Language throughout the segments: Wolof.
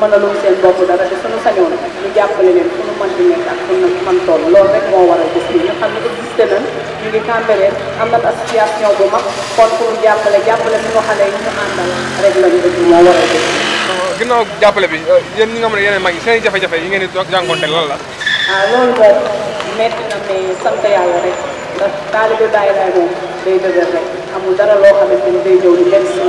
mënaloo seen bopp dara te suñu sañoon ñu jàppale leen fu ñu di nekk ak fu ñu mën loolu rek moo war a gis ñu xam ne existé nañ ñu ngi Cambérène am bu mag kon pour jàppale jàppale suñu xale yi ñu la ñu def moo war a gis. ginnaaw jàppale bi euh, yéen ñi nga xam ne yeneen mag yi seen i jafe-jafe yi ngeen di jànkuwanteel lan la. ah loolu moom metti na mais sant yàlla rek ndax taalibe Baay Laay moom day dëgër rek amul dara loo xamante day ñëw di leen si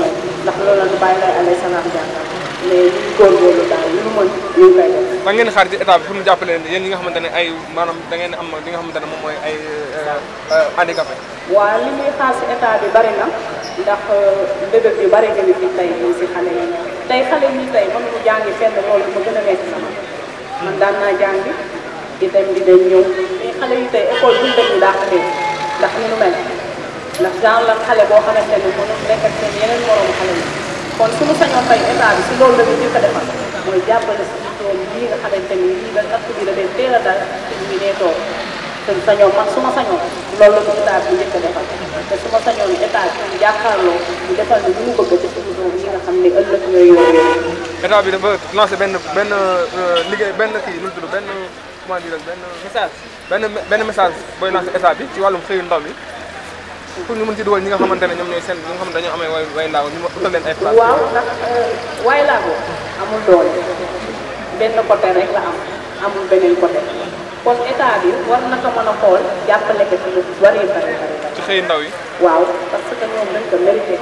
loolu la ñu Baay Laay alayhi mais ñu góorgóorlu daal li mu mën ñu ngi koy def. nan ngeen xaar ci état bi pour ñu jàppale leen yéen ñi nga xamante ne ay maanaam da ngeen am li nga xamante ne moom mooy ay euh, euh, handicapé. waaw li muy xaar ci état bi bari na ndax euh, bébét yu bari nga ni fi tey ñu si xale yi tey xale yi tey mënuñu jàngi fenn loolu ma gën a metti sama man daan naa jàngi di dem di dem ñëw mais xale yi tey école buñ dem ñu daa xamee ndax ni nu mel ndax genre la xale boo xamante ne mënul nekk ak seen yeneen moroom xale yi kon suñu sañoon tey état bi si loolu la ñu a defal mooy jàppale si tool ma sañoon loolu la ñu état a defal bi jàkkaarloo ñu benn benn euh, liggéey benn kii nu mu tudd benn benn benn message booy lancé état bi ci wàllum xëyu ndaw mi pour ñu mën ci dugal ñi nga xamante ne ñoom ñooy seen nga xam ne dañoo amee way way laago ñu ma utal leen ay place waaw ndax euh, way laago amul doole côté rek la amul beneen côté kon état bi war na ko a yi waaw parce que ñoom dañ ko mérité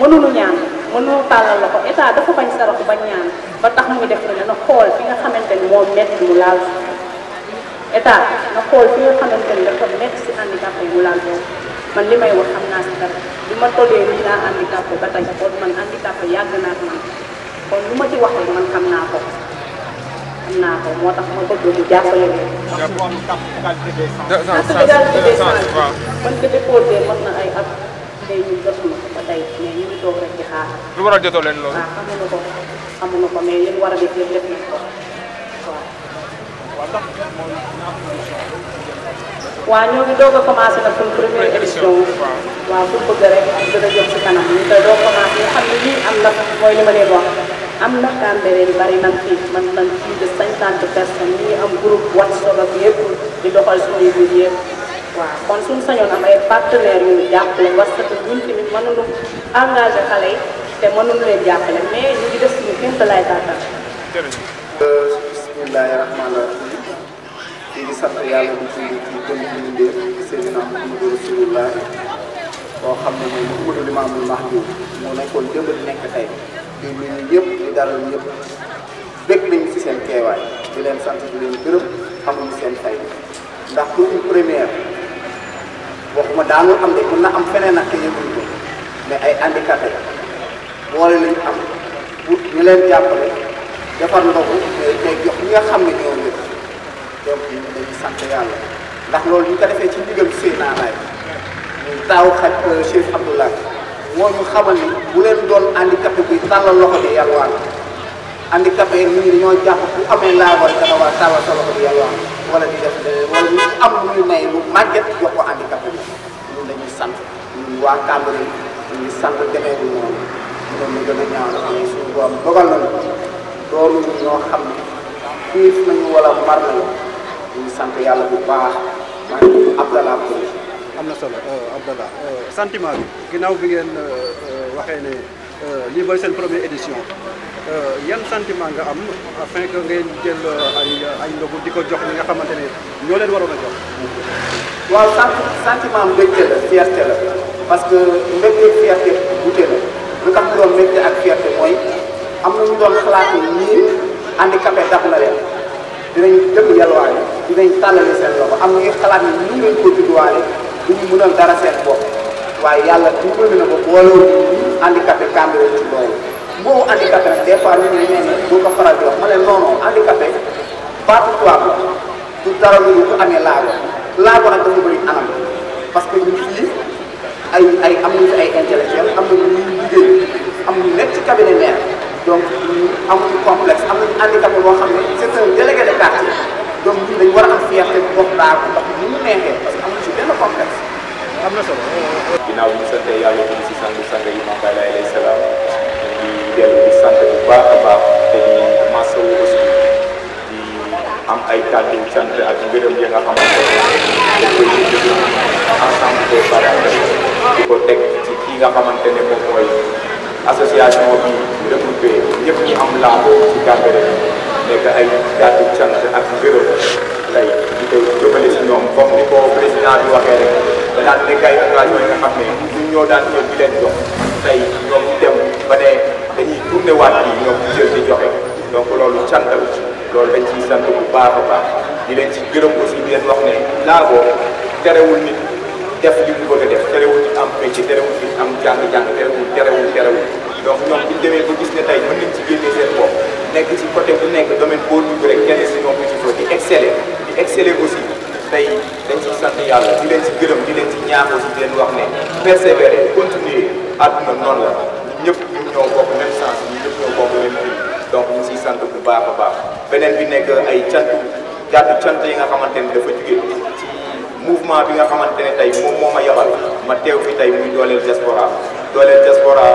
mënuñu ñaan mënuñu tàllal la dafa bañ saraxu bañ ñaan ba tax muy def ne na xool fi nga xamante ni moo métti mu laal état na xool fi nga xamante ni dafa mu laal boobu man li may wax xam naa si ma tollee nii laa handicapé ba tey kon man handicapé yàgg naa man kon lu ma ci wax rek man xam naa ko xam naa moo tax ma bëgg mu jàppale leen. carte d'égalité des chances man ko déposé mën na ay at tey ñu jotuma ko ba tey mais ñu ngi toog rek di xaar. lu war a jotoo leen loolu. waaw xamuñu ko xamuñu ko mais li mu war a def yëpp def nañ ko waaw ñoo ngi doog a commencé nag suñ première émission waaw pour bëgg rek ak gën a kanam yi koy doog commencé ñu xam ne lii am na mooy li ma leen wax am na Cambérène yu bari nag fii man nañ fii de cinquante personnes ñi am groupe WhatsApp ak yëpp di doxal suñuy biir yëpp waaw kon suñ sañoon am ay partenaires yu ñu jàppale parce que ñun tamit mënuñu engagé xale yi te mënuñu leen jàppale mais ñu ngi def suñu kéem lay tàttal euh, bismillahi ñu ngi sant yàlla di julli ci gën ci mbindeef ci Seydina Muhammadu Rasulullah boo xam ne mooy Muhammadu Limaamul Mahdi moo nekkoon démb nekk tey di lu ñu ñëpp di dalal ñëpp bég lañu ci seen teewaay di leen sant di leen gërëm amuñu seen tay ndax pour une première waxuma daanul am de mën na am feneen ak yëguñ ko mais ay handicapé boole lañ am ñu leen jàppale defar ndogu mais jox ñi nga xam ne ñoom. donc ñu ngi dañuy sant yàlla ndax loolu ñu ko defee ci ndigal Seydina Laay muy taaw xaj euh, Cheikh Abdoulaye moo ñu xamal ni bu leen doon handicapé bi tàllal loxo bi yalwaan handicapé yi nit ñi dañoo jàpp bu amee laabal dana war sa loxo bi di am lu may lu màgget jox ko handicapé bi ñun dañuy sant waa Cambérène sant demee lu noonu ñun ñu gën a ñaanal amee suñu borom dogal na doolu ñoo xam di sant yàlla bu baax maa ngi tudd Abdallah Kouli. am na solo oh, Abdallah oh, santiment bi ginnaaw bi ngeen euh, waxee ne euh, lii mooy seen première édition euh, yan sentiment nga am afin que ngeen jël ay ay ndogu di ko jox ñi nga xamante ne ñoo leen waroon a jox. waaw sant sentiment mbégte la fierté la parce que mbégte fierté wuute la lu tax doon mbégte ak fierté mooy am na ñu doon xalaat ni ñii handicapé daf na leen dinañ dëgg yàlla waaye dinañ tàllale seen loxo am ngeen xalaat ni ñu ngeen ko judduwaale du ñu mënal dara seen bopp waaye yàlla dimbali na ko boolewul handicapé kàmbale ci loolu moo handicapé nag des fois ñu ne nee na boo ko faral di wax ma ne non non handicapé baatu tubaab la du dara lu ñu amee laago laago nag dafa bëri anam parce que ñu fii ay ay am nañu ay intellectuel am nañu ñuy liggéey am ñu nekk ci cabinet maire donc ñu am ci complexe am nañu handicapé boo xam ne c'est un délégué de quartier donc ñun dañu war a am fierté bu bokk laa ko ndox mi ñu neexee am na solo. ginnaaw bi ñu sant yàlla ñu ngi si sant sang yi moom Baye lay di dellu di sant bu baax di masawu aussi di am ay kàddu sant ak ngërëm yi nga xamante ne dañ koy jël di ko teg ci kii nga xamante ne moom mooy association bi regroupé ñëpp ñu am laa ci Cambérène. nekk ay kàddu cant ak ngërëm tey di koy jëmale si ñoom comme ni ko président bi waxee rek danaan nekk ay occasion yi nga xam ne ñun ñoo daan ñëw di leen jox tey ñoom ñu dem ba ne dañuy tourné waat yi ñoom ñu jël di joxe donc loolu cant la lool dañ ciy sant bu baax a baax di leen ci gërëm aussi di leen wax ne Labo terewul nit def li mu bëgg a def terewul nit am métier terewul nit am jàng-jàng yàlla di leen ci gërëm di leen ci ñaaxoo ci leen wax ne persévérer continuer àdduna noonu la ñëpp ñu ñoo bokk même sens ñu ñëpp ñoo bokk même prix donc ñu ciy sant bu baax a baax beneen bi nekk ay cant gàddu cant yi nga xamante ne dafa jóge ci mouvement bi nga xamante ne tey moom moo ma yabal ma teew fi tey muy dooleel diaspora dooleel diaspora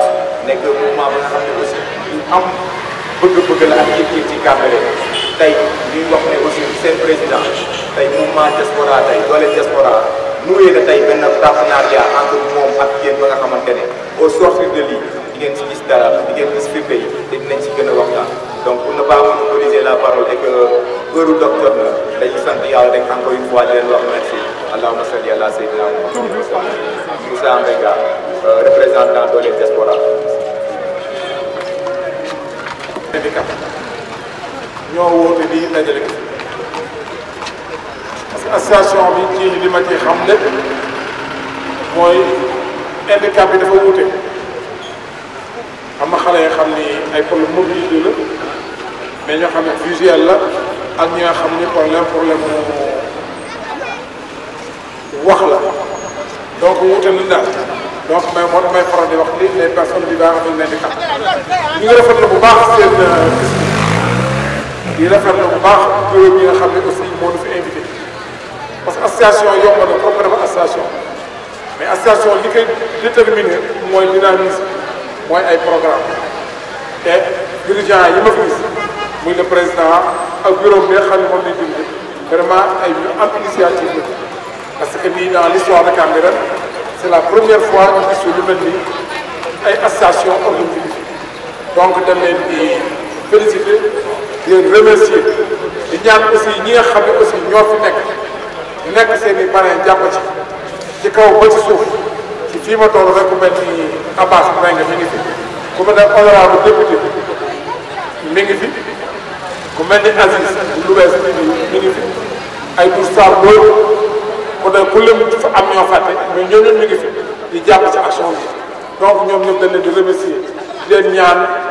nekk mouvement bi nga xam aussi lu am bëgg-bëgg la ak yëg-yëg ci Cambérène tey li ñu wax ne aussi seen président tey mouvement diaspora tey doole diaspora noué na tey benn partenariat entre moom ak yéen ba nga xamante ne au sortir de lii di ngeen si gis dara di ngeen gis firnde yi te dinañ si gën a donc pour ne pas monopoliser la parole et que heure docteur la dañuy sant yàlla rek encore une fois di leen wax merci allahumma salli ala sayyidina Muhammad Moussa Mbenga représentant doole diaspora ñoo woote lii dajale ko parce que association bi ci li ma ci xam lépp mooy handicap bi dafa wute am na xale yoo xam ni ay problème mobilité la mais ñoo xam ne visuel la ak ñi nga xam ni problème problème wax la donc wute nañ daal donc may moo damay faral di wax ni les personnes vivant avec handicap ñu ngi rafetlu bu baax seen Il rafetlu bu baax bar de nga xam ne aussi moo ñu invité parce que association yomb na trop vraiment association mais association li koy déterminé mooy dynamisme mooy ay programme te dirigeant yi ma gis muy le président ak bureau bi nga xam ne moom vraiment ay ñu initiative parce que dans l'histoire de caméra, c'est la première fois ñu gis lu mel ni ay association organisée donc dañ leen di féliciter di remercier di ñaan aussi ñi nga xam ne aussi ñoo fi nekk nekk seen i parrain jàpp ci ci kaw ba ci suuf ci fii ma toll rek ku mel ni Abbas Mbengue mi ngi fi ku mel ne honorable mi ngi fi mel ni Aziz lu bees mi ngi fi ay Diouf Sarr loolu ku ne ku lëm fa am ñoo fàtte mais ñooñu mi ngi fi di jàpp ci action bi donc ñoom ñoom dañ di remercier di ñaan.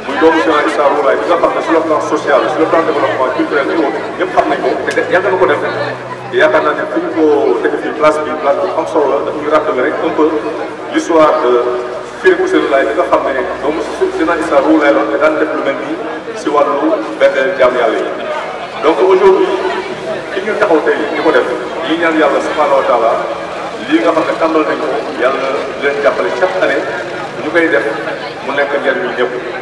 donc Cheikh Issa Moulay bi nga xam ne sur le plan social sur le plan développement culturel et autres ñëpp xam nañ ko te yàgg na ko def yaakaar naa ne fi ñu ko defee fii place bi place bu am solo la daf ñu rappeler rek un peu l'histoire de Firi Ousseynou Laye bi nga xam ne doomu Cheikh Issa Moulay la te daan def lu mel nii si nga nañ ko leen ñu koy def mu nekk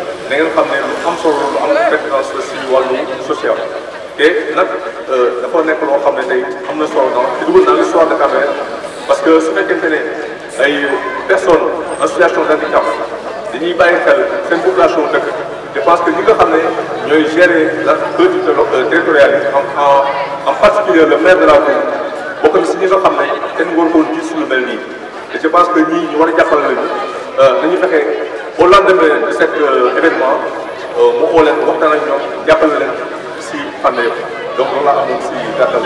da ngeen xam ne lu am solo lu am compétence la si wàllu social te nag euh, dafa nekk loo xam ne tey am na solo donc ci dugal naa l'histoire de Cap parce que su fekkente ne ay personnes association d' handicap dañuy bàyyi xel seen population dëkk je pense que ñi nga xam ne ñooy gérer la politique euh, territoriale yi en en particulier le maire de la commune bokk na si ñi nga xam ne kenn warukoon gis lu mel nii te je pense que ñii ñu war a jàppale lañu euh, nañu fexe au lendemain de cet euh, événement euh, mu oo leen waxtaan ak ñoom jàppale si fànn yëpp donc loolu laa amoon si gàttal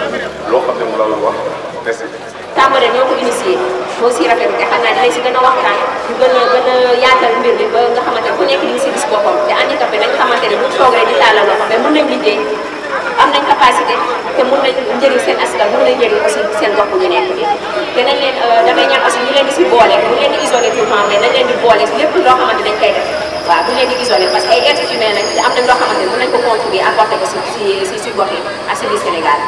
loo xam ne mu la wax merci. Tambadé ñoo ko initié aussi rafet bi nga xam naa dinañ si gën a waxtaan ñu gën a gën a yaatal mbir ba nga xamante ne ku jàppante te mun na njëriñ seen askan mun na njëriñ seen bopp ñu nekk bi danañ leen euh, damay ñaan aussi ñu leen di si boole bu leen di isolé tout le nañ leen di boole lépp loo xamante dañ koy loo xamante mun nañ ko contribuer apporter ko si si si gox yi Sénégal